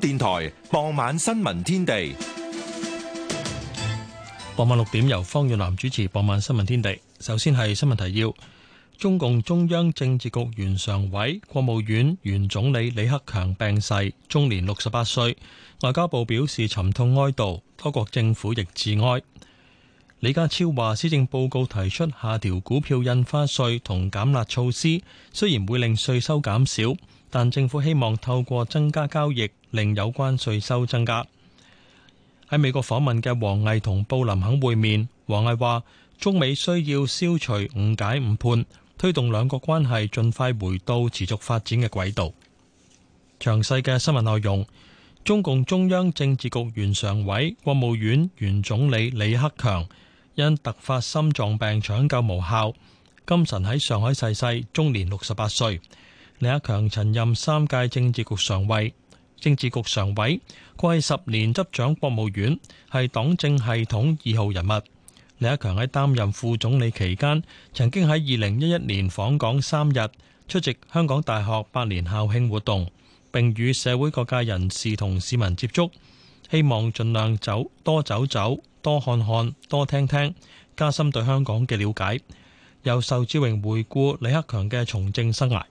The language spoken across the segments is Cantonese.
電台傍晚新聞天地，傍晚六點由方遠南主持。傍晚新聞天地，首先係新聞提要：中共中央政治局原常委、國務院原總理李克強病逝，終年六十八歲。外交部表示沉痛哀悼，多國政府亦致哀。李家超話，施政報告提出下調股票印花稅同減納措施，雖然會令稅收減少。但政府希望透過增加交易，令有關稅收增加。喺美國訪問嘅王毅同布林肯會面，王毅話：中美需要消除誤解誤判，推動兩國關係盡快回到持續發展嘅軌道。詳細嘅新聞內容，中共中央政治局原常委、國務院原總理李克強因突發心臟病搶救無效，今晨喺上海逝世，終年六十八歲。李克強曾任三屆政治局常委、政治局常委，過去十年執掌國務院，係黨政系統二號人物。李克強喺擔任副總理期間，曾經喺二零一一年訪港三日，出席香港大學百年校慶活動，並與社會各界人士同市民接觸，希望盡量走多走走、多看看、多聽聽，加深對香港嘅了解。由仇志榮回顧李克強嘅從政生涯。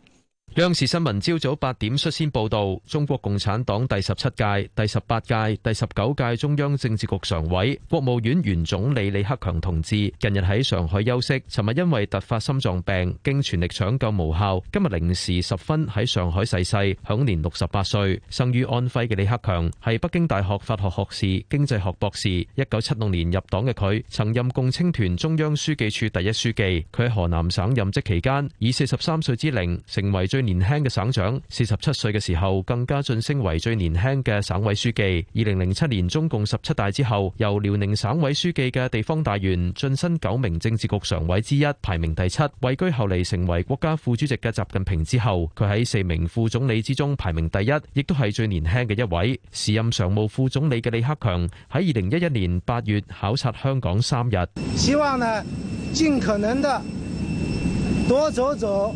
央視新聞朝早八點率先報道，中國共產黨第十七屆、第十八屆、第十九屆中央政治局常委、國務院原總理李克強同志近日喺上海休息，尋日因為突發心臟病，經全力搶救無效，今日零時十分喺上海逝世，享年六十八歲。生於安徽嘅李克強，係北京大學法學學士、經濟學博士，一九七六年入黨嘅佢，曾任共青團中央書記處第一書記。佢喺河南省任職期間，以四十三歲之齡成為最最年輕嘅省長，四十七歲嘅時候更加晉升為最年輕嘅省委書記。二零零七年中共十七大之後，由遼寧省委書記嘅地方大員晉身九名政治局常委之一，排名第七，位居後嚟成為國家副主席嘅習近平之後。佢喺四名副總理之中排名第一，亦都係最年輕嘅一位。時任常務副總理嘅李克強，喺二零一一年八月考察香港三日。希望呢，盡可能的多走走。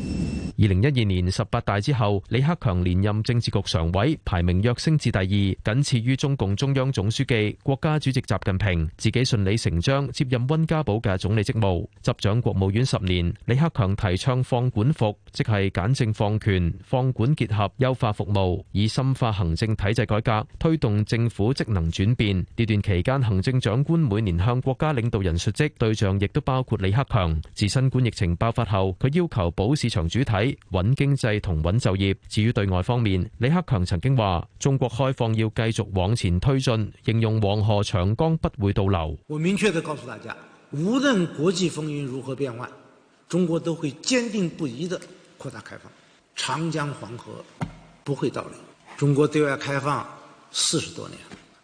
二零一二年十八大之後，李克強連任政治局常委，排名躍升至第二，僅次於中共中央總書記、國家主席習近平。自己順理成章接任温家寶嘅總理職務，執掌國務院十年。李克強提倡放管服，即係簡政放權、放管結合、優化服務，以深化行政體制改革，推動政府職能轉變。呢段期間，行政長官每年向國家領導人述職，對象亦都包括李克強。自新冠疫情爆發後，佢要求保市場主體。穩經濟同穩就業。至於對外方面，李克強曾經話：中國開放要繼續往前推進，形容黃河長江不會倒流。我明確的告訴大家，無論國際風雲如何變幻，中國都會堅定不移地擴大開放，長江黃河不會倒流。中國對外開放四十多年，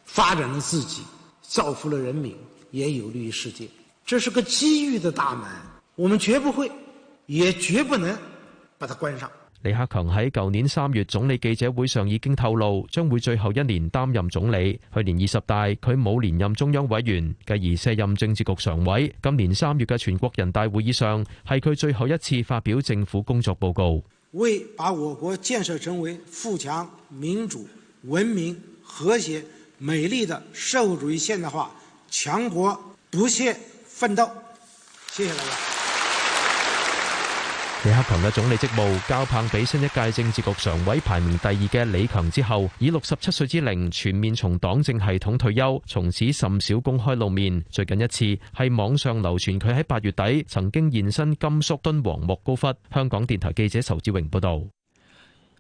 發展了自己，造福了人民，也有利於世界。這是個機遇的大門，我們絕不會，也絕不能。把它關上。李克強喺舊年三月總理記者會上已經透露，將會最後一年擔任總理。去年二十大佢冇連任中央委員，繼而卸任政治局常委。今年三月嘅全國人大會議上，係佢最後一次發表政府工作報告。為把我國建設成為富強、民主、文明、和諧、美麗的社會主義現代化強國，不懈奮鬥。謝謝大家。李克強嘅總理職務交棒俾新一屆政治局常委排名第二嘅李強之後，以六十七歲之齡全面從黨政系統退休，從此甚少公開露面。最近一次係網上流傳佢喺八月底曾經現身甘肅敦煌莫高窟。香港電台記者仇志榮報道。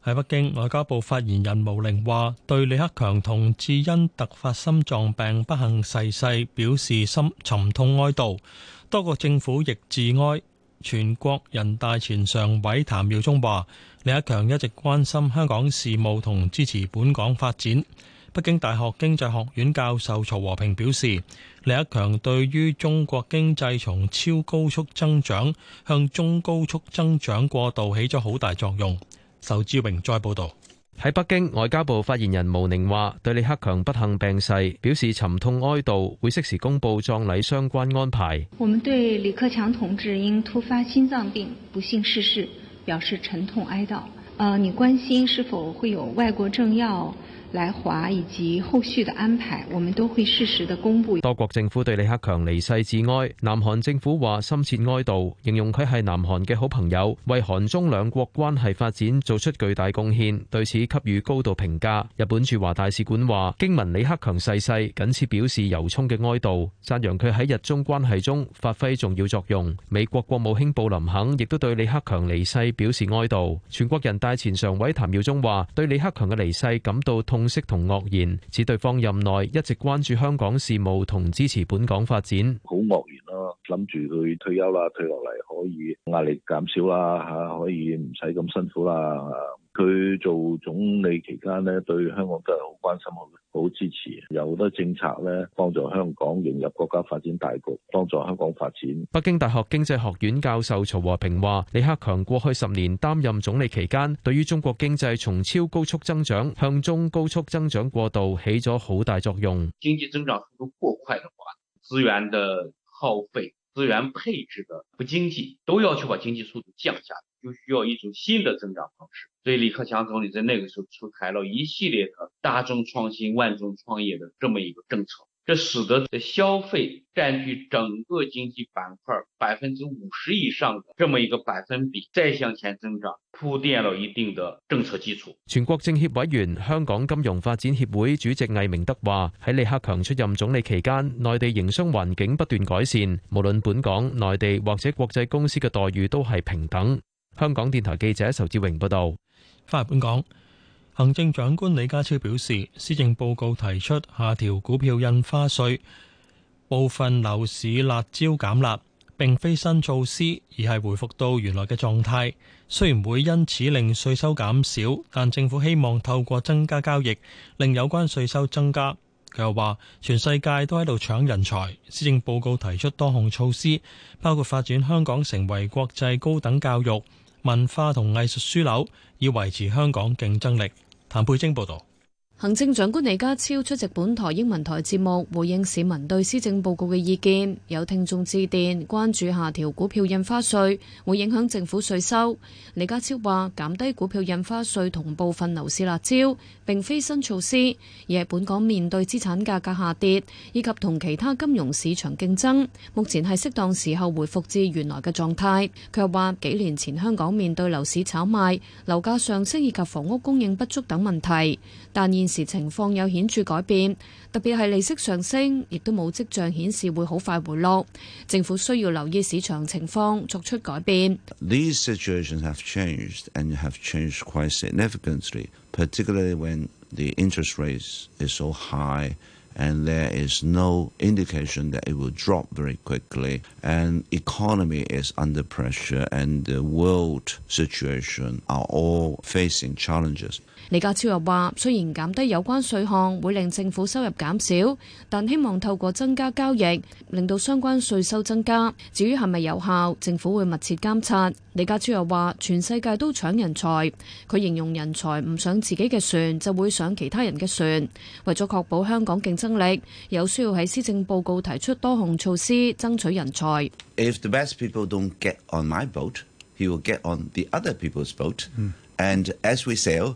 喺北京，外交部發言人毛寧話：對李克強同志因突發心臟病不幸逝世，世表示心沉痛哀悼，多國政府亦致哀。全國人大前常委譚耀宗話：李克強一直關心香港事務同支持本港發展。北京大學經濟學院教授曹和平表示，李克強對於中國經濟從超高速增長向中高速增長過渡起咗好大作用。仇志榮再報導。喺北京，外交部發言人毛寧話，對李克強不幸病逝表示沉痛哀悼，會適時公布葬禮相關安排。我們對李克強同志因突發心臟病不幸逝世表示沉痛哀悼。呃，你關心是否會有外國政要？來華以及後續的安排，我們都會適時的公布。多國政府對李克強離世致哀，南韓政府話深切哀悼，形容佢係南韓嘅好朋友，為韓中兩國關係發展做出巨大貢獻，對此給予高度評價。日本駐華大使館話，驚聞李克強逝世，謹此表示由衷嘅哀悼，讚揚佢喺日中關係中發揮重要作用。美國國務卿布林肯亦都對李克強離世表示哀悼。全國人大前常委譚耀宗話，對李克強嘅離世感到痛。息同愕言，指對方任內一直關注香港事務同支持本港發展，好愕然咯。諗住佢退休啦，退落嚟可以壓力減少啦，嚇可以唔使咁辛苦啦。佢做總理期間咧，對香港真係好關心、好支持，有好多政策咧幫助香港融入國家發展大局，幫助香港發展。北京大學經濟學院教授曹和平話，李克強過去十年擔任總理期間對於中國經濟從超高速增長向中高速增長過渡起咗好大作用。經濟增長速度過快嘅話，資源嘅耗費、資源配置嘅不經濟，都要去把經濟速度降下嚟，就需要一種新的增長方式，所以李克強總理在那個時候出台了一系列的“大眾創新、萬眾創業”的這麼一個政策，這使得消費佔據整個經濟板塊百分之五十以上的這麼一個百分比再向前增長，鋪墊了一定的政策基礎。全國政協委員、香港金融發展協會主席魏明德話：喺李克強出任總理期間，內地營商環境不斷改善，無論本港、內地或者國際公司嘅待遇都係平等。香港電台記者仇志榮報道，翻嚟本港，行政長官李家超表示，施政報告提出下調股票印花稅，部分樓市辣椒減辣，並非新措施，而係回復到原來嘅狀態。雖然會因此令稅收減少，但政府希望透過增加交易，令有關稅收增加。佢又話，全世界都喺度搶人才，施政報告提出多項措施，包括發展香港成為國際高等教育。文化同藝術樞紐，以維持香港競爭力。譚佩晶報道。行政長官李家超出席本台英文台節目，回應市民對施政報告嘅意見。有聽眾致電關注下調股票印花稅會影響政府稅收。李家超話減低股票印花稅同部分樓市辣招，並非新措施，而係本港面對資產價格下跌以及同其他金融市場競爭，目前係適當時候回復至原來嘅狀態。佢話幾年前香港面對樓市炒賣、樓價上升以及房屋供應不足等問題，但現現時情況有顯著改變，特別係利息上升，亦都冇跡象顯示會好快回落。政府需要留意市場情況，作出改變。These situations have changed and have changed quite significantly, particularly when the interest rates are so high and there is no indication that it will drop very quickly and economy is under pressure and the world situation are all facing challenges. 李家超又話：雖然減低有關稅項會令政府收入減少，但希望透過增加交易，令到相關稅收增加。至於係咪有效，政府會密切監察。李家超又話：全世界都搶人才，佢形容人才唔上自己嘅船，就會上其他人嘅船。為咗確保香港競爭力，有需要喺施政報告提出多項措施爭取人才。If the best people don't get on my boat, he will get on the other people's boat, and as we sail.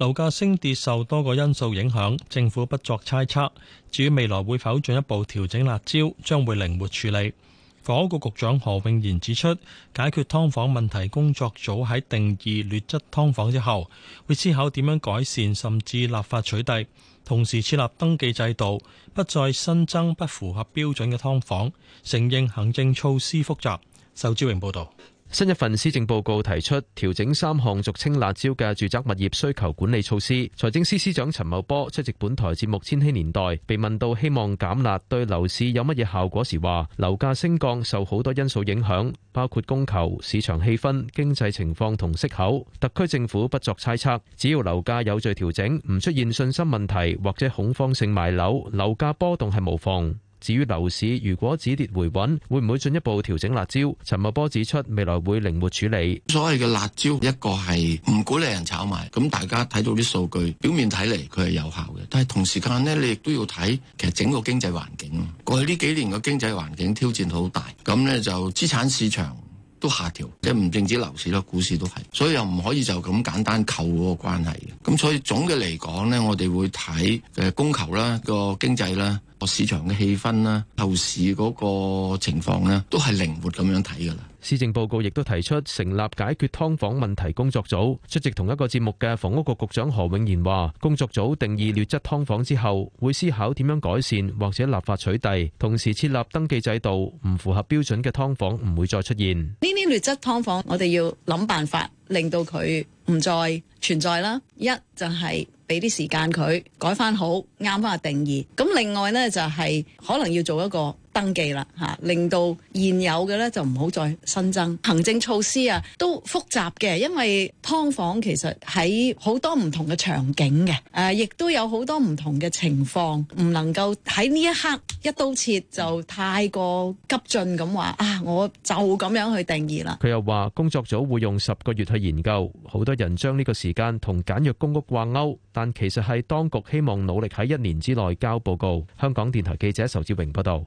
樓價升跌受多個因素影響，政府不作猜測。至於未來會否進一步調整辣招，將會靈活處理。房屋局局長何永賢指出，解決劏房問題工作組喺定義劣質劏房之後，會思考點樣改善，甚至立法取締。同時設立登記制度，不再新增不符合標準嘅劏房。承認行政措施複雜。仇志榮報導。新一份施政報告提出調整三項俗稱辣招嘅住宅物業需求管理措施。財政司司長陳茂波出席本台節目《千禧年代》，被問到希望減辣對樓市有乜嘢效果時，話樓價升降受好多因素影響，包括供求、市場氣氛、經濟情況同息口。特區政府不作猜測，只要樓價有序調整，唔出現信心問題或者恐慌性賣樓，樓價波動係無妨。至於樓市，如果止跌回穩，會唔會進一步調整辣招？陳茂波指出，未來會靈活處理。所謂嘅辣招，一個係唔鼓勵人炒賣，咁大家睇到啲數據，表面睇嚟佢係有效嘅。但係同時間呢，你亦都要睇，其實整個經濟環境咯。過去呢幾年嘅經濟環境挑戰好大，咁呢就資產市場都下調，即係唔淨止樓市咯，股市都係，所以又唔可以就咁簡單扣嗰個關係嘅。咁所以總嘅嚟講呢，我哋會睇誒供求啦，個經濟啦。個市場嘅氣氛啦，後市嗰個情況咧，都係靈活咁樣睇噶啦。施政報告亦都提出成立解決劏房問題工作組出席同一個節目嘅房屋局局長何永賢話：工作組定義劣質劏房之後，會思考點樣改善或者立法取締，同時設立登記制度，唔符合標準嘅劏房唔會再出現。呢啲劣質劏房，我哋要諗辦法令到佢唔再存在啦。一就係。俾啲時間佢改翻好，啱翻個定義。咁另外呢，就係、是、可能要做一個。登記啦吓，令到現有嘅咧就唔好再新增行政措施啊，都複雜嘅，因為劏房其實喺好多唔同嘅場景嘅，誒，亦、啊、都有好多唔同嘅情況，唔能夠喺呢一刻一刀切就太過急進，咁話啊，我就咁樣去定義啦。佢又話工作組會用十個月去研究，好多人將呢個時間同簡約公屋掛鈎，但其實係當局希望努力喺一年之內交報告。香港電台記者仇志榮報道。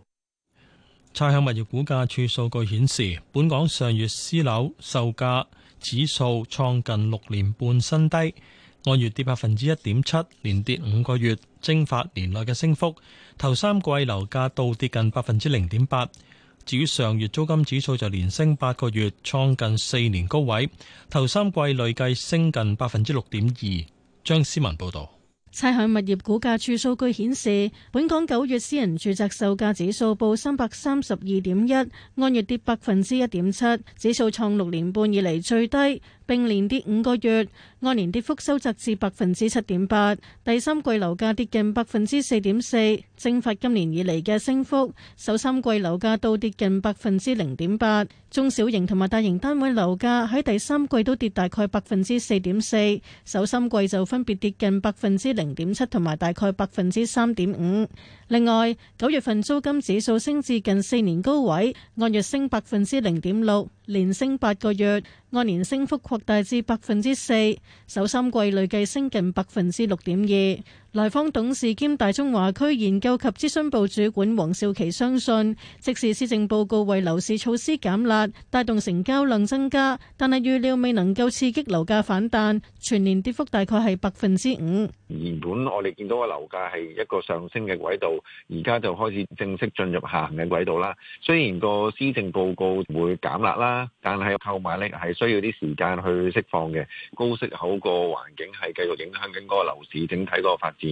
差餉物業估價處數據顯示，本港上月私樓售價指數創近六年半新低，按月跌百分之一點七，連跌五個月，蒸發年內嘅升幅。頭三季樓價倒跌近百分之零點八，至於上月租金指數就連升八個月，創近四年高位，頭三季累計升近百分之六點二。張思文報導。差餉物業估價處數據顯示，本港九月私人住宅售價指數報三百三十二點一，按月跌百分之一點七，指數創六年半以嚟最低。並連跌五個月，按年跌幅收窄至百分之七點八。第三季樓價跌近百分之四點四，蒸發今年以嚟嘅升幅，首三季樓價都跌近百分之零點八。中小型同埋大型單位樓價喺第三季都跌大概百分之四點四，首三季就分別跌近百分之零點七同埋大概百分之三點五。另外，九月份租金指數升至近四年高位，按月升百分之零點六，連升八個月，按年升幅擴大至百分之四，首三季累計升近百分之六點二。萊方董事兼大中華區研究及諮詢部主管黃少琪相信，即使施政報告為樓市措施減辣，帶動成交量增加，但係預料未能夠刺激樓價反彈，全年跌幅大概係百分之五。原本我哋見到個樓價係一個上升嘅軌道，而家就開始正式進入下行嘅軌道啦。雖然個施政報告會減辣啦，但係購買力係需要啲時間去釋放嘅。高息口個環境係繼續影響緊嗰個樓市整體嗰個發展。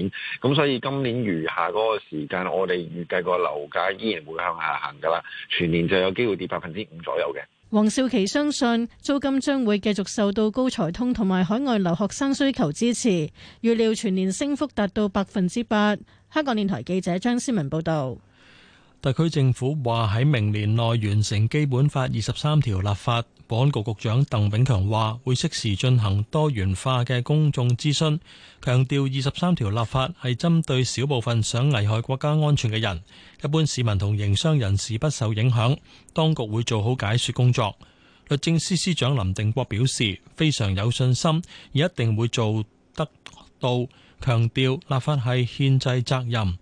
咁所以今年餘下嗰個時間，我哋預計個樓價依然會向下行噶啦。全年就有機會跌百分之五左右嘅。黃少琪相信租金將會繼續受到高才通同埋海外留學生需求支持，預料全年升幅達到百分之八。香港電台記者張思文報道。特區政府話喺明年內完成基本法二十三條立法。保安局局長鄧炳強話會適時進行多元化嘅公眾諮詢，強調二十三條立法係針對少部分想危害國家安全嘅人，一般市民同營商人士不受影響。當局會做好解說工作。律政司司長林定國表示非常有信心，而一定會做得到。強調立法係憲制責任，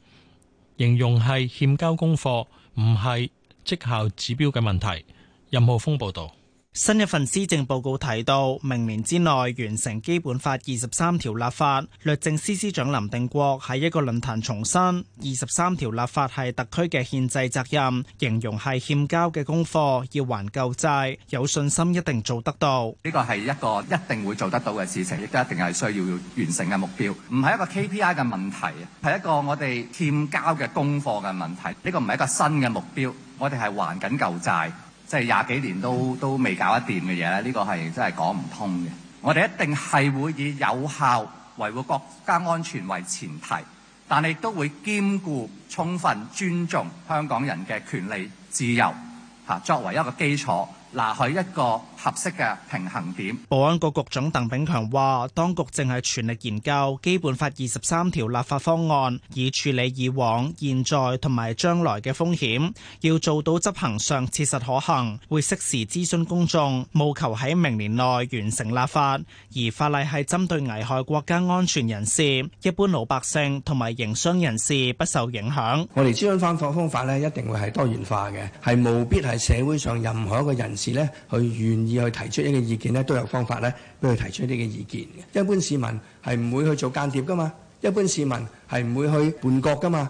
形容係欠交功課，唔係績效指標嘅問題。任浩峰報道。新一份施政報告提到，明年之內完成基本法二十三條立法。律政司司長林定國喺一個論壇重申，二十三條立法係特區嘅憲制責任，形容係欠交嘅功課，要還舊債，有信心一定做得到。呢個係一個一定會做得到嘅事情，亦都一定係需要要完成嘅目標，唔係一個 KPI 嘅問題，係一個我哋欠交嘅功課嘅問題。呢個唔係一個新嘅目標，我哋係還緊舊債。即係廿幾年都都未搞得掂嘅嘢咧，呢個係真係講唔通嘅。我哋一定係會以有效維護國家安全為前提，但係都會兼顧充分尊重香港人嘅權利自由嚇，作為一個基礎，拿去一個合適嘅平衡點。保安局局長鄧炳強話，當局正係全力研究《基本法》二十三條立法方案，以處理以往、現在同埋將來嘅風險，要做到執行上切實可行，會適時諮詢公眾，務求喺明年內完成立法。而法例係針對危害國家安全人士，一般老百姓同埋營商人士不受影響。我哋諮詢方法方法呢，一定會係多元化嘅，係冇必係社會上任何一個人士呢去願。而去提出一個意見咧，都有方法咧，俾佢提出一個意見嘅。一般市民係唔會去做間諜噶嘛，一般市民係唔會去叛國噶嘛。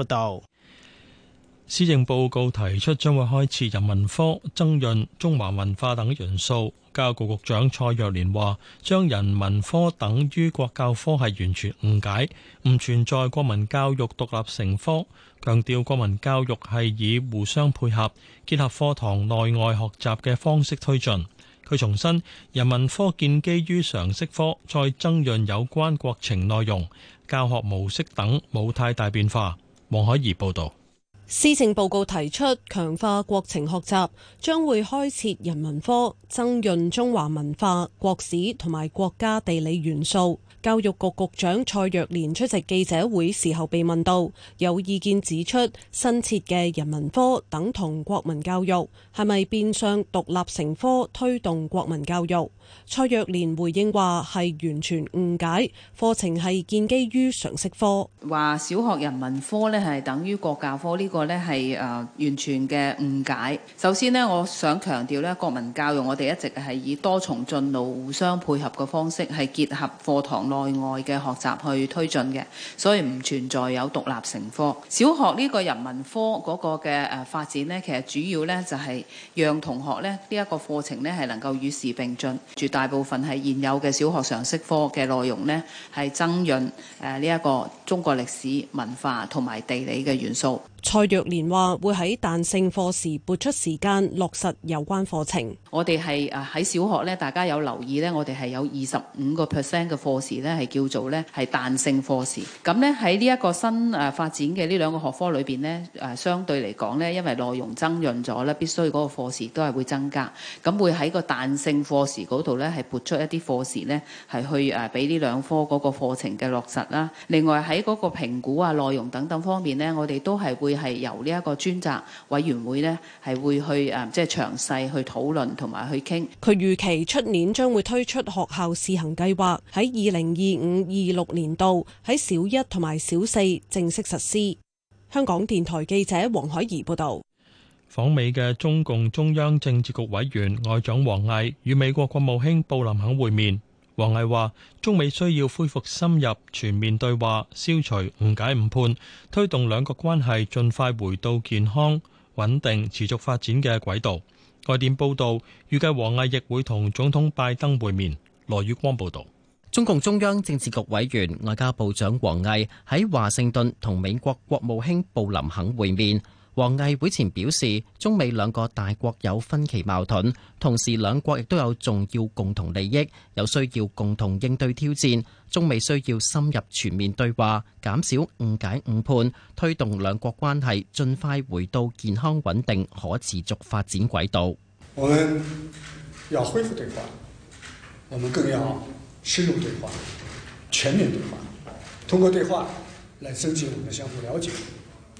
施政報告提出將會開設人文科，增潤中華文化等元素。教育局局長蔡若蓮話，將人文科等於國教科係完全誤解，唔存在國民教育獨立成科。強調國民教育係以互相配合、結合課堂內外學習嘅方式推進。佢重申，人文科建基於常識科，再增潤有關國情內容、教學模式等，冇太大變化。黃海怡報道，施政報告提出強化國情學習，將會開設人文科，增潤中華文化、國史同埋國家地理元素。教育局局長蔡若蓮出席記者會時候被問到，有意見指出新設嘅人文科等同國民教育，係咪變相獨立成科推動國民教育？蔡若蓮回應話係完全誤解，課程係建基於常識科。話小學人文科呢係等於國教科呢個呢係誒完全嘅誤解。首先呢，我想強調呢國民教育我哋一直係以多重進路互相配合嘅方式係結合課堂，內外嘅學習去推進嘅，所以唔存在有獨立成科。小學呢個人文科嗰個嘅誒發展呢，其實主要呢就係讓同學呢，呢一個課程呢係能夠與時並進，絕大部分係現有嘅小學常識科嘅內容呢，係增潤誒呢一個中國歷史文化同埋地理嘅元素。蔡若蓮話會喺彈性課時撥出時間落實有關課程。我哋係誒喺小學咧，大家有留意咧，我哋係有二十五個 percent 嘅課時咧，係叫做咧係彈性課時。咁咧喺呢一個新誒發展嘅呢兩個學科裏邊咧，誒相對嚟講咧，因為內容增潤咗咧，必須嗰個課時都係會增加。咁會喺個彈性課時嗰度咧，係撥出一啲課時咧，係去誒俾呢兩科嗰個課程嘅落實啦。另外喺嗰個評估啊、內容等等方面咧，我哋都係會，係由呢一個專責委員會呢，係會去誒，即係詳細去討論同埋去傾。佢預期出年將會推出學校試行計劃，喺二零二五、二六年度喺小一同埋小四正式實施。香港電台記者黃海怡報道。訪美嘅中共中央政治局委員外長王毅與美國國務卿布林肯會面。王毅話：中美需要恢復深入全面對話，消除誤解誤判，推動兩國關係盡快回到健康穩定持續發展嘅軌道。外電報道預計王毅亦會同總統拜登會面。羅宇光報導，中共中央政治局委員、外交部長王毅喺華盛頓同美國國務卿布林肯會面。王毅會前表示，中美兩個大國有分歧矛盾，同時兩國亦都有重要共同利益，有需要共同應對挑戰。中美需要深入全面對話，減少誤解誤判，推動兩國關係盡快回到健康穩定、可持續發展軌道。我們要恢復對話，我們更要深入對話、全面對話，通過對話來增進我們相互了解。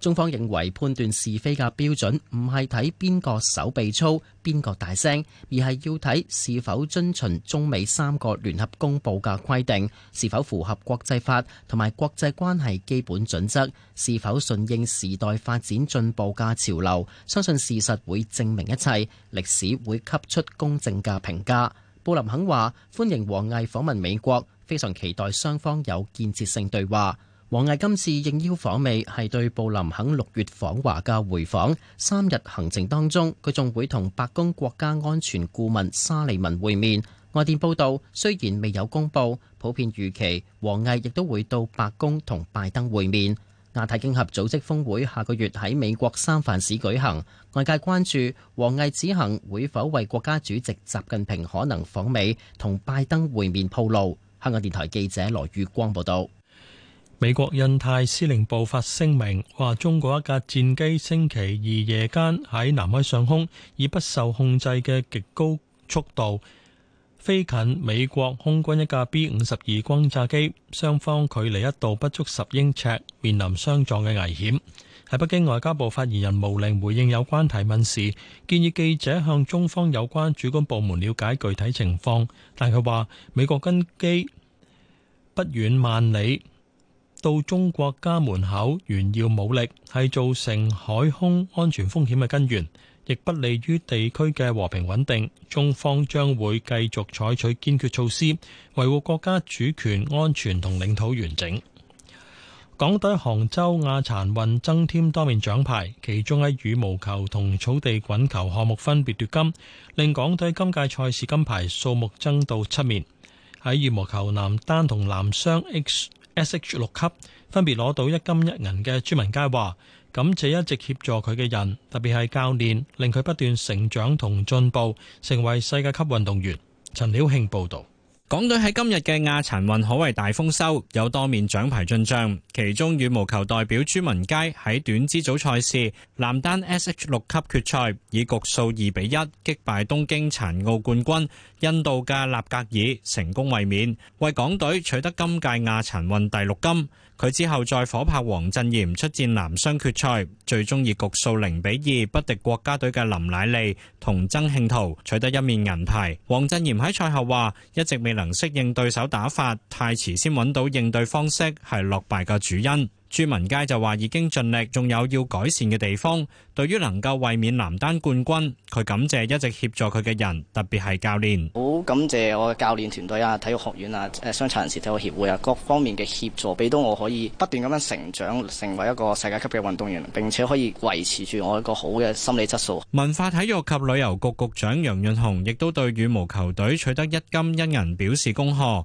中方認為判斷是非嘅標準唔係睇邊個手臂粗、邊個大聲，而係要睇是否遵循中美三個聯合公佈嘅規定，是否符合國際法同埋國際關係基本準則，是否順應時代發展進步嘅潮流。相信事實會證明一切，歷史會給出公正嘅評價。布林肯話：歡迎王毅訪問美國，非常期待雙方有建設性對話。王毅今次應邀訪美係對布林肯六月訪華嘅回訪。三日行程當中，佢仲會同白宮國家安全顧問沙利文會面。外電報道，雖然未有公布，普遍預期王毅亦都會到白宮同拜登會面。亞太經合組織峰會下個月喺美國三藩市舉行，外界關注王毅此行會否為國家主席習近平可能訪美同拜登會面鋪路。香港電台記者羅月光報道。美國印太司令部發聲明話，中國一架戰機星期二夜間喺南海上空，以不受控制嘅極高速度飛近美國空軍一架 B 五十二轟炸機，雙方距離一度不足十英尺，面臨相撞嘅危險。喺北京外交部發言人毛寧回應有關提問時，建議記者向中方有關主管部門了解具體情況。但佢話美國根基不遠萬里，到中國家門口炫耀武力，係造成海空安全風險嘅根源，亦不利於地區嘅和平穩定。中方將會繼續採取堅決措施，維護國家主權、安全同領土完整。港隊杭州亞殘運增添多面獎牌，其中喺羽毛球同草地滾球項目分別奪金，令港隊今屆賽事金牌數目增到七面。喺羽毛球男單同男雙 X。S.H. 六級分別攞到一金一銀嘅朱文佳話，感謝一直協助佢嘅人，特別係教練，令佢不斷成長同進步，成為世界級運動員。陳曉慶報導。港隊喺今日嘅亞殘運可謂大豐收，有多面獎牌進賬。其中羽毛球代表朱文佳喺短肢組賽事男單 SH 六級決賽，以局數二比一擊敗東京殘奧冠軍印度嘅納格爾，成功衛冕，為港隊取得今屆亞殘運第六金。佢之後再夥拍王振炎出戰男雙決賽，最終以局數零比二不敵國家隊嘅林乃利同曾慶圖，取得一面銀牌。王振炎喺賽後話：一直未能適應對手打法，太遲先揾到應對方式，係落敗嘅主因。朱文佳就話已經盡力，仲有要改善嘅地方。對於能夠衛冕男單冠軍，佢感謝一直協助佢嘅人，特別係教練。好感謝我嘅教練團隊啊，體育學院啊，誒，傷殘人士體育協會啊，各方面嘅協助，俾到我可以不斷咁樣成長，成為一個世界級嘅運動員，並且可以維持住我一個好嘅心理質素。文化體育及旅遊局局長楊潤雄亦都對羽毛球隊取得一金一銀表示恭賀。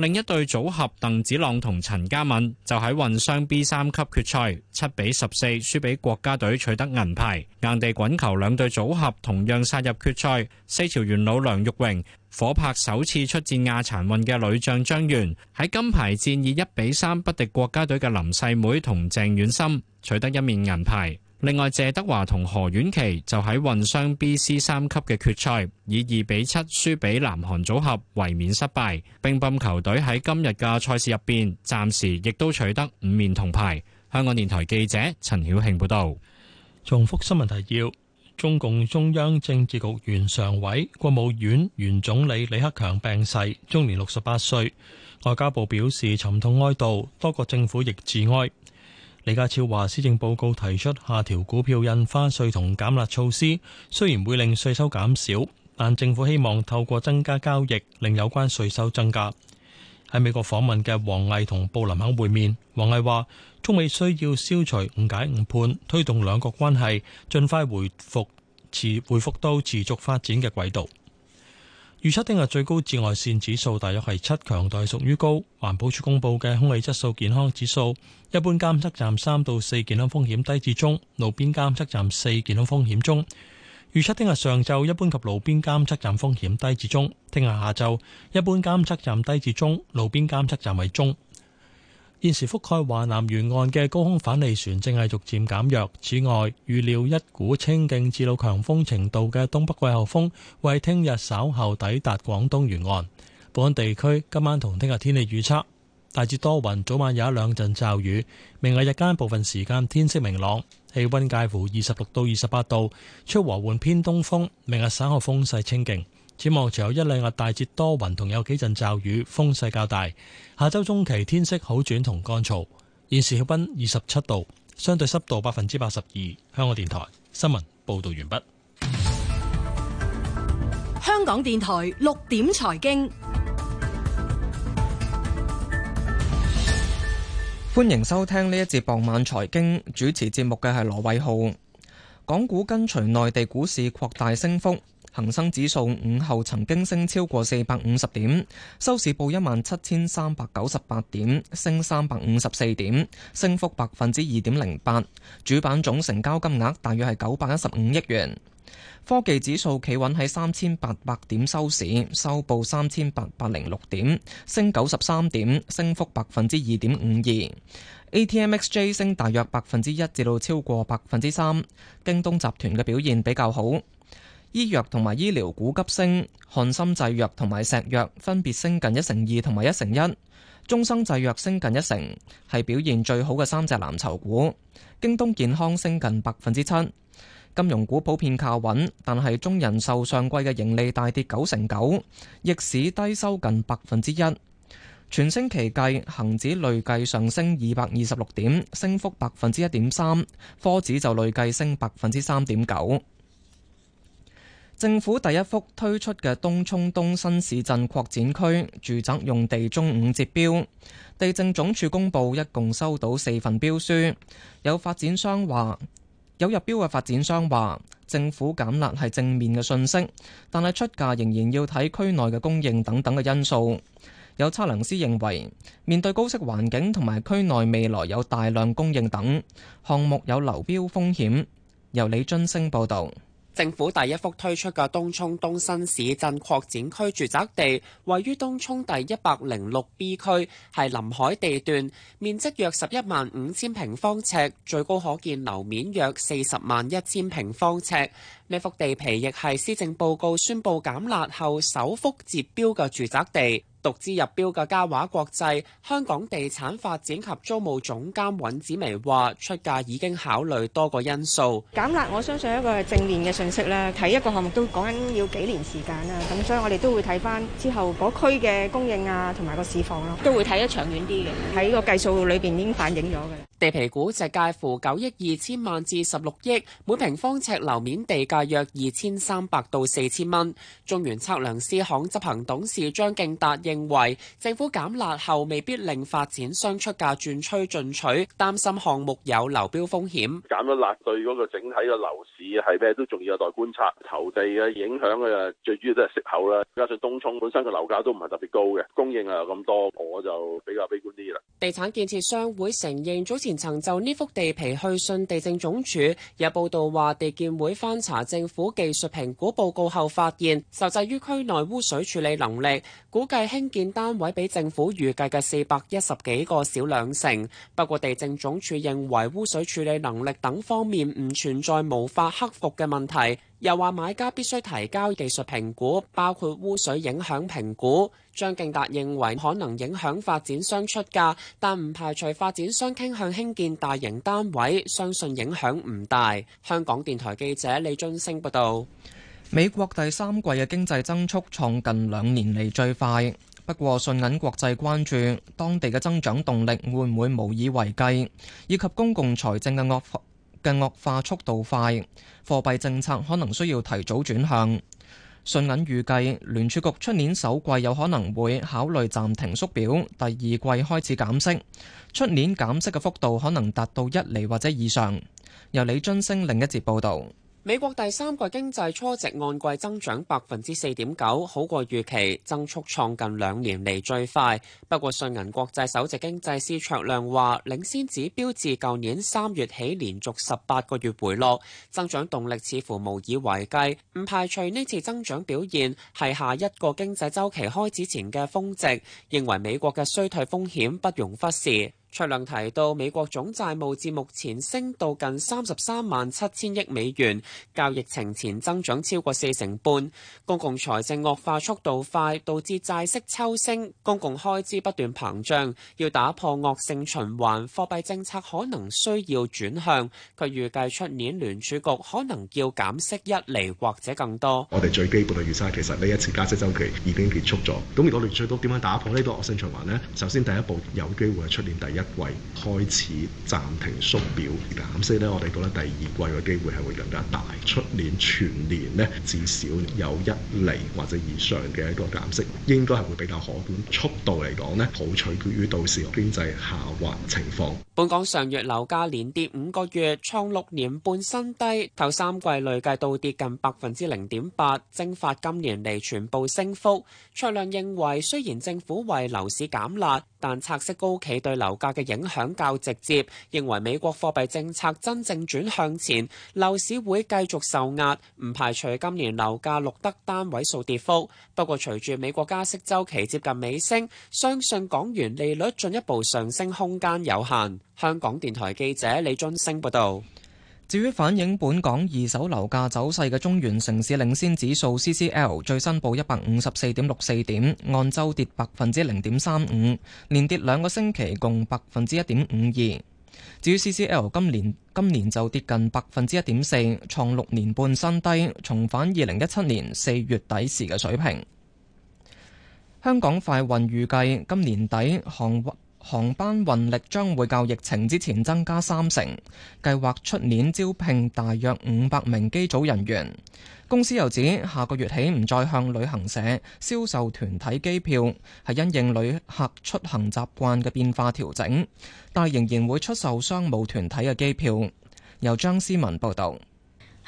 另一隊組合鄧子朗同陳嘉敏就喺混雙 B 三級決賽七比十四輸俾國家隊取得銀牌。硬地滾球兩隊組合同樣殺入決賽，四朝元老梁玉榮、火拍首次出戰亞殘運嘅女將張元，喺金牌戰以一比三不敵國家隊嘅林世妹同鄭遠森，取得一面銀牌。另外，謝德華同何婉琪就喺混雙 B、C 三級嘅決賽，以二比七輸俾南韓組合，衛冕失敗。乒乓球隊喺今日嘅賽事入邊，暫時亦都取得五面銅牌。香港電台記者陳曉慶報道。重複新聞提要：中共中央政治局原常委、國務院原總理李克強病逝，終年六十八歲。外交部表示沉痛哀悼，多國政府亦致哀。李家超話，施政報告提出下調股票印花稅同減辣措施，雖然會令稅收減少，但政府希望透過增加交易，令有關稅收增加。喺美國訪問嘅王毅同布林肯會面，王毅話：中美需要消除誤解誤判，推動兩國關係盡快回復持回復到持續發展嘅軌道。預測聽日最高紫外線指數大約係七，強度屬於高。環保署公布嘅空氣質素健康指數，一般監測站三到四健康風險低至中，路邊監測站四健康風險中。預測聽日上晝一般及路邊監測站風險低至中，聽日下晝一般監測站低至中，路邊監測站為中。現時覆蓋華南沿岸嘅高空反氣旋正係逐漸減弱。此外，預料一股清勁至到強風程度嘅東北季候風，為聽日稍後抵達廣東沿岸。本地區今晚同聽日天氣預測大致多雲，早晚有一兩陣驟雨。明日日間部分時間天色明朗，氣溫介乎二十六到二十八度，出和緩偏東風。明日稍後風勢清勁。展望，朝有一兩日大致多雲，同有幾陣驟雨，風勢較大。下周中期天色好轉同乾燥。現時氣溫二十七度，相對濕度百分之八十二。香港電台新聞報道完畢。香港電台六點財經，歡迎收聽呢一節傍晚財經。主持節目嘅係羅偉浩。港股跟隨內地股市擴大升幅。恒生指數午後曾經升超過四百五十點，收市報一萬七千三百九十八點，升三百五十四點，升幅百分之二點零八。主板總成交金額大約係九百一十五億元。科技指數企穩喺三千八百點收，收市收報三千八百零六點，升九十三點，升幅百分之二點五二。ATMXJ 升大約百分之一至到超過百分之三。京東集團嘅表現比較好。醫藥同埋醫療股急升，漢森製藥同埋石藥分別升近一成二同埋一成一，1, 中生製藥升近一成，係表現最好嘅三隻藍籌股。京東健康升近百分之七，金融股普遍靠穩，但係中人壽上季嘅盈利大跌九成九，逆市低收近百分之一。全星期計，恒指累計上升二百二十六點，升幅百分之一點三，科指就累計升百分之三點九。政府第一幅推出嘅東涌東新市鎮擴展區住宅用地中午截標，地政總署公布一共收到四份標書。有發展商話，有入標嘅發展商話，政府減辣係正面嘅信息，但係出價仍然要睇區內嘅供應等等嘅因素。有測量師認為，面對高息環境同埋區內未來有大量供應等項目有流標風險。由李津升報道。政府第一幅推出嘅東涌東新市鎮擴展區住宅地，位於東涌第一百零六 B 區，係臨海地段，面積約十一萬五千平方尺，最高可見樓面約四十萬一千平方尺。呢幅地皮亦係施政報告宣布減辣後首幅截標嘅住宅地。獨資入標嘅嘉華國際香港地產發展及租務總監尹子薇話：出價已經考慮多個因素。減壓，我相信一個係正面嘅訊息啦。睇一個項目都講緊要幾年時間啦，咁所以我哋都會睇返之後嗰區嘅供應啊，同埋個市況咯，都會睇得長遠啲嘅。喺個計數裏邊已經反映咗嘅。地皮估值介乎九億二千萬至十六億，每平方尺樓面地價約二千三百到四千蚊。中原測量師行執行董事張敬達認為，政府減辣後未必令發展商出價轉趨進取，擔心項目有流標風險。減咗辣，對嗰個整體嘅樓市係咩都仲要有待觀察，投地嘅影響嘅最主要都係息口啦。加上東涌本身個樓價都唔係特別高嘅，供應啊咁多，我就比較悲觀啲啦。地產建設商會承認早前。前曾就呢幅地皮去信地政總署，有報道話地建會翻查政府技術評估報告後發現，受制於區內污水處理能力，估計興建單位比政府預計嘅四百一十幾個少兩成。不過地政總署認為污水處理能力等方面唔存在無法克服嘅問題。又話買家必須提交技術評估，包括污水影響評估。張敬達認為可能影響發展商出價，但唔排除發展商傾向興建大型單位，相信影響唔大。香港電台記者李津星報道，美國第三季嘅經濟增速創近兩年嚟最快，不過信銀國際關注當地嘅增長動力會唔會無以為繼，以及公共財政嘅惡更惡化速度快，貨幣政策可能需要提早轉向。信銀預計聯儲局出年首季有可能會考慮暫停縮表，第二季開始減息。出年減息嘅幅度可能達到一厘或者以上。由李津升另一節報道。美國第三季經濟初值按季增長百分之四點九，好過預期，增速創近兩年嚟最快。不過，信銀國際首席經濟師卓亮話，領先指標自舊年三月起連續十八個月回落，增長動力似乎無以為繼。唔排除呢次增長表現係下一個經濟週期開始前嘅峰值，認為美國嘅衰退風險不容忽視。卓亮提到，美國總債務至目前升到近三十三萬七千億美元，較疫情前增長超過四成半。公共財政惡化速度快，導致債息抽升，公共開支不斷膨脹，要打破惡性循環，貨幣政策可能需要轉向。佢預計出年聯儲局可能要減息一厘或者更多。我哋最基本嘅預測，其實呢一次加息周期已經結束咗。咁如果聯儲都點樣打破呢個惡性循環呢？首先第一步有機會係出年第一。一季開始暫停縮表，減息呢，我哋覺得第二季嘅機會係會更加大。出年全年呢，至少有一厘或者以上嘅一個減息，應該係會比較可觀。速度嚟講呢，好取決於到時經濟下滑情況。本港上月樓價連跌五個月，創六年半新低。頭三季累計到跌近百分之零點八，蒸發今年嚟全部升幅。卓亮認為，雖然政府為樓市減辣，但拆息高企對樓價。嘅影響較直接，認為美國貨幣政策真正轉向前，樓市會繼續受壓，唔排除今年樓價錄得單位數跌幅。不過，隨住美國加息周期接近尾聲，相信港元利率進一步上升空間有限。香港電台記者李津星報道。至於反映本港二手樓價走勢嘅中原城市領先指數 CCL 最新報一百五十四點六四點，按周跌百分之零點三五，連跌兩個星期共，共百分之一點五二。至於 CCL 今年今年就跌近百分之一點四，創六年半新低，重返二零一七年四月底時嘅水平。香港快運預計今年底航航班運力將會較疫情之前增加三成，計劃出年招聘大約五百名機組人員。公司又指，下個月起唔再向旅行社銷售團體機票，係因應旅客出行習慣嘅變化調整，但仍然會出售商務團體嘅機票。由張思文報導。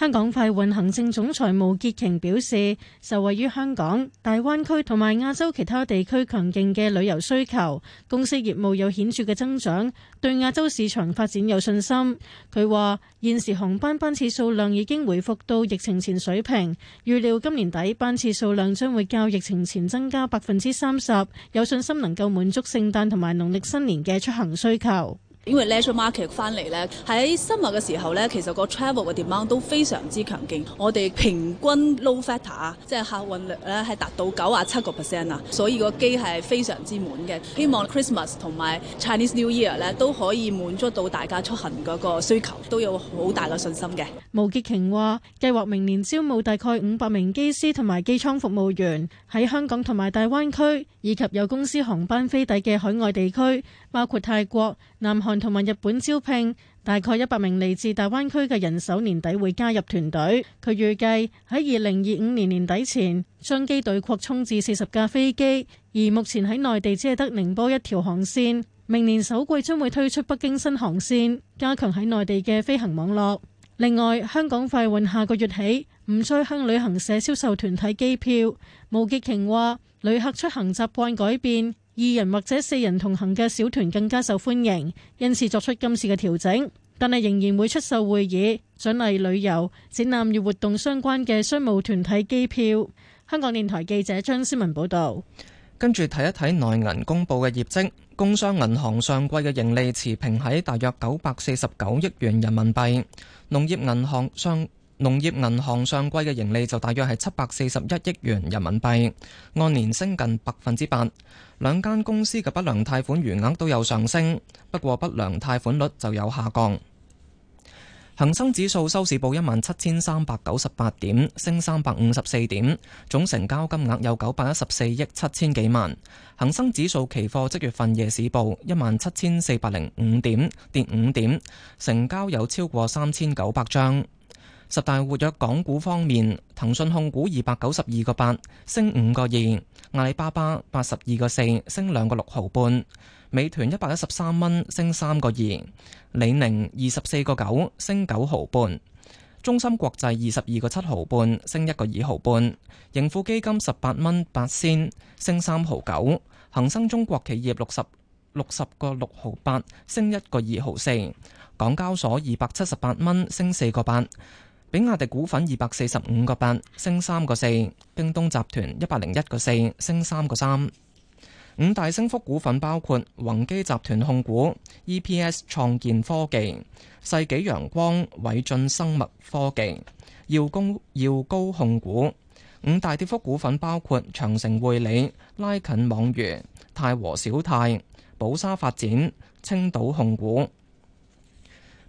香港快運行政總裁毛潔瓊表示，受惠於香港、大灣區同埋亞洲其他地區強勁嘅旅遊需求，公司業務有顯著嘅增長，對亞洲市場發展有信心。佢話：現時航班班次數量已經回復到疫情前水平，預料今年底班次數量將會較疫情前增加百分之三十，有信心能夠滿足聖誕同埋農曆新年嘅出行需求。因為 leisure market 翻嚟咧，喺新月嘅時候咧，其實個 travel 嘅 demand 都非常之強勁。我哋平均 load factor 啊，即係客運率咧係達到九啊七個 percent 啊，所以個機係非常之滿嘅。希望 Christmas 同埋 Chinese New Year 咧都可以滿足到大家出行嗰個需求，都有好大嘅信心嘅。毛潔瓊話：計劃明年招募大概五百名機師同埋機艙服務員，喺香港同埋大灣區以及有公司航班飛抵嘅海外地區。包括泰國、南韓同埋日本招聘，大概一百名嚟自大灣區嘅人手年底會加入團隊，佢預計喺二零二五年年底前將機隊擴充至四十架飛機，而目前喺內地只係得寧波一條航線，明年首季將會推出北京新航線，加強喺內地嘅飛行網絡。另外，香港快運下個月起唔再向旅行社銷售團體機票。毛潔瓊話，旅客出行習慣改變。二人或者四人同行嘅小團更加受歡迎，因此作出今次嘅調整，但係仍然會出售會議、獎勵旅遊、展覽與活動相關嘅商務團體機票。香港電台記者張思文報道。跟住睇一睇內銀公布嘅業績，工商銀行上季嘅盈利持平喺大約九百四十九億元人民幣，農業銀行上。農業銀行上季嘅盈利就大約係七百四十一億元人民幣，按年升近百分之八。兩間公司嘅不良貸款餘額都有上升，不過不良貸款率就有下降。恒生指數收市報一萬七千三百九十八點，升三百五十四點，總成交金額有九百一十四億七千幾萬。恒生指數期貨即月份夜市報一萬七千四百零五點，跌五點，成交有超過三千九百張。十大活躍港股方面，騰訊控股二百九十二個八，升五個二；阿里巴巴八十二個四，升兩個六毫半；美團一百一十三蚊，升三個二；李寧二十四個九，升九毫半；中芯國際二十二個七毫半，升一個二毫半；盈富基金十八蚊八仙，升三毫九；恒生中國企業六十六十個六毫八，升一個二毫四；港交所二百七十八蚊，升四個八。比亞迪股份二百四十五個八，升三個四，京東集團一百零一個四，升三個三。五大升幅股份包括宏基集團控股、EPS 創建科技、世紀陽光、偉進生物科技、耀高耀高控股。五大跌幅股份包括長城匯理、拉近網娛、泰和小泰、寶沙發展、青島控股。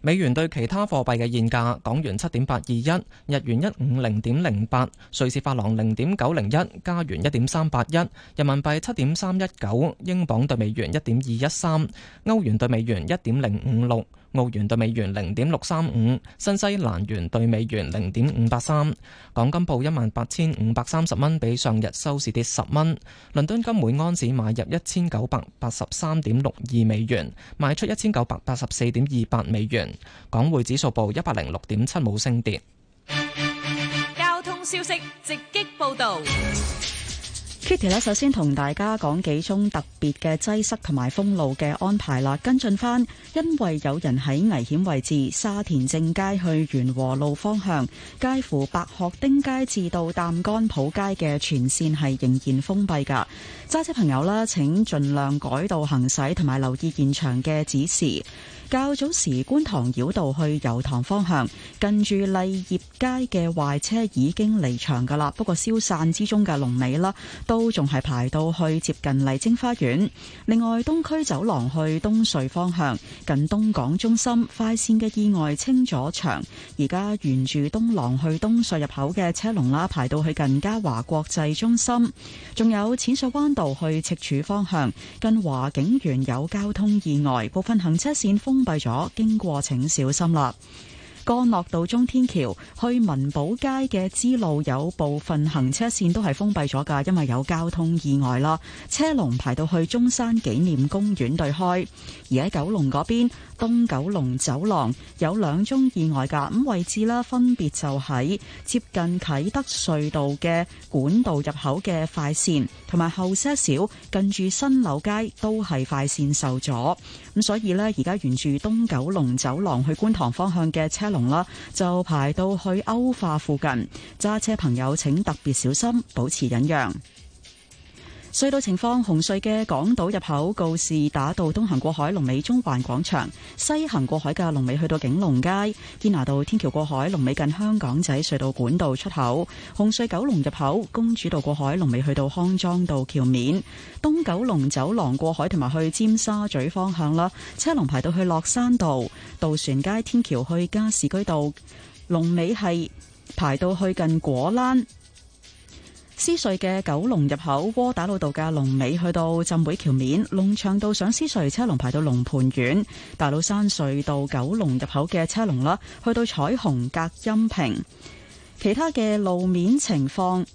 美元對其他貨幣嘅現價：港元七點八二一，日元一五零點零八，瑞士法郎零點九零一，加元一點三八一，人民幣七點三一九，英鎊對美元一點二一三，歐元對美元一點零五六。澳元兌美元零點六三五，新西蘭元兌美元零點五八三，港金報一萬八千五百三十蚊，比上日收市跌十蚊。倫敦金每盎司買入一千九百八十三點六二美元，賣出一千九百八十四點二八美元。港匯指數報一百零六點七，冇升跌。交通消息直擊報道。Kitty，首先同大家講幾宗特別嘅擠塞同埋封路嘅安排啦。跟進返，因為有人喺危險位置，沙田正街去源禾路方向，介乎白鶴汀街至到擔杆莆街嘅全線係仍然封閉噶。揸車朋友啦，請盡量改道行駛，同埋留意現場嘅指示。較早時觀塘繞道去油塘方向，近住麗業街嘅壞車已經離場噶啦，不過消散之中嘅龍尾啦，都仲係排到去接近麗晶花園。另外，東區走廊去東隧方向，近東港中心快線嘅意外清咗場，而家沿住東廊去東隧入口嘅車龍啦，排到去近嘉華國際中心。仲有淺水灣道去赤柱方向，近華景園有交通意外，部分行車線封。封閉咗，經過請小心啦。干諾道中天橋去文寶街嘅支路有部分行車線都係封閉咗噶，因為有交通意外啦，車龍排到去中山紀念公園對開，而喺九龍嗰邊。東九龍走廊有兩宗意外㗎，咁位置啦，分別就喺接近啟德隧道嘅管道入口嘅快綫，同埋後些少近住新樓街都係快綫受阻咁，所以呢，而家沿住東九龍走廊去觀塘方向嘅車龍啦，就排到去歐化附近，揸車朋友請特別小心，保持忍讓。隧道情況：紅隧嘅港島入口告士打道東行過海，龍尾中環廣場；西行過海嘅龍尾去到景隆街、堅拿道天橋過海，龍尾近香港仔隧道管道出口。紅隧九龍入口公主道過海，龍尾去到康莊道橋面；東九龍走廊過海同埋去尖沙咀方向啦，車龍排到去落山道、渡船街天橋去加士居道，龍尾係排到去近果欄。獅隧嘅九龍入口窩打老道嘅龍尾去到浸會橋面，龍翔道上獅隧車龍排到龍蟠苑，大老山隧道九龍入口嘅車龍啦，去到彩虹隔音屏。其他嘅路面情況，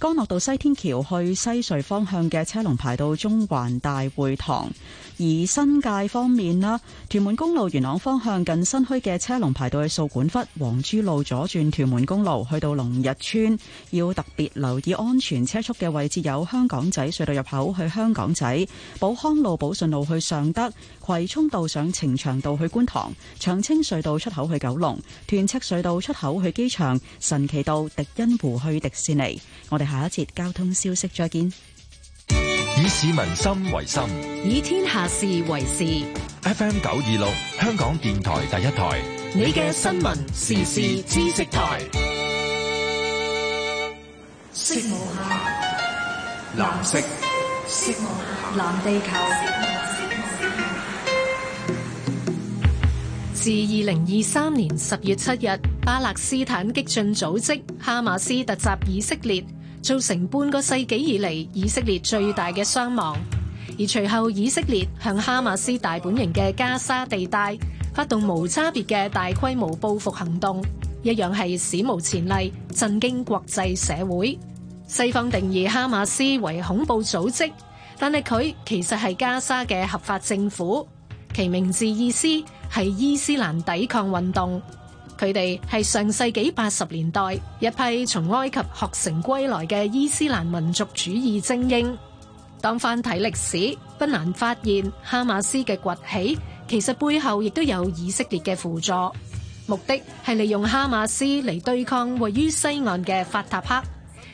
干諾道西天橋去西隧方向嘅車龍排到中環大會堂。而新界方面啦，屯門公路元朗方向近新墟嘅車龍排到去掃管笏，黃珠路左轉屯門公路去到龍日村，要特別留意安全車速嘅位置有香港仔隧道入口去香港仔、寶康路、寶順路去尚德、葵涌道上呈祥道去觀塘、長青隧道出口去九龍、屯赤隧道出口去機場、神奇道迪欣湖去迪士尼。我哋下一節交通消息再見。以市民心為心，以天下事為事。FM 九二六，香港電台第一台。你嘅新聞時事知識台。色無限，藍色色無限藍地球。自二零二三年十月七日，巴勒斯坦激進組織哈馬斯突襲以色列。造成半個世紀以嚟以色列最大嘅傷亡，而隨後以色列向哈馬斯大本營嘅加沙地帶發動無差別嘅大規模報復行動，一樣係史無前例，震驚國際社會。西方定義哈馬斯為恐怖組織，但係佢其實係加沙嘅合法政府，其名字意思係伊斯蘭抵抗運動。佢哋係上世紀八十年代一批從埃及學成歸來嘅伊斯蘭民族主義精英。當翻睇歷史，不難發現哈馬斯嘅崛起其實背後亦都有以色列嘅輔助，目的係利用哈馬斯嚟對抗位於西岸嘅法塔赫，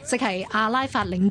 即係阿拉法領。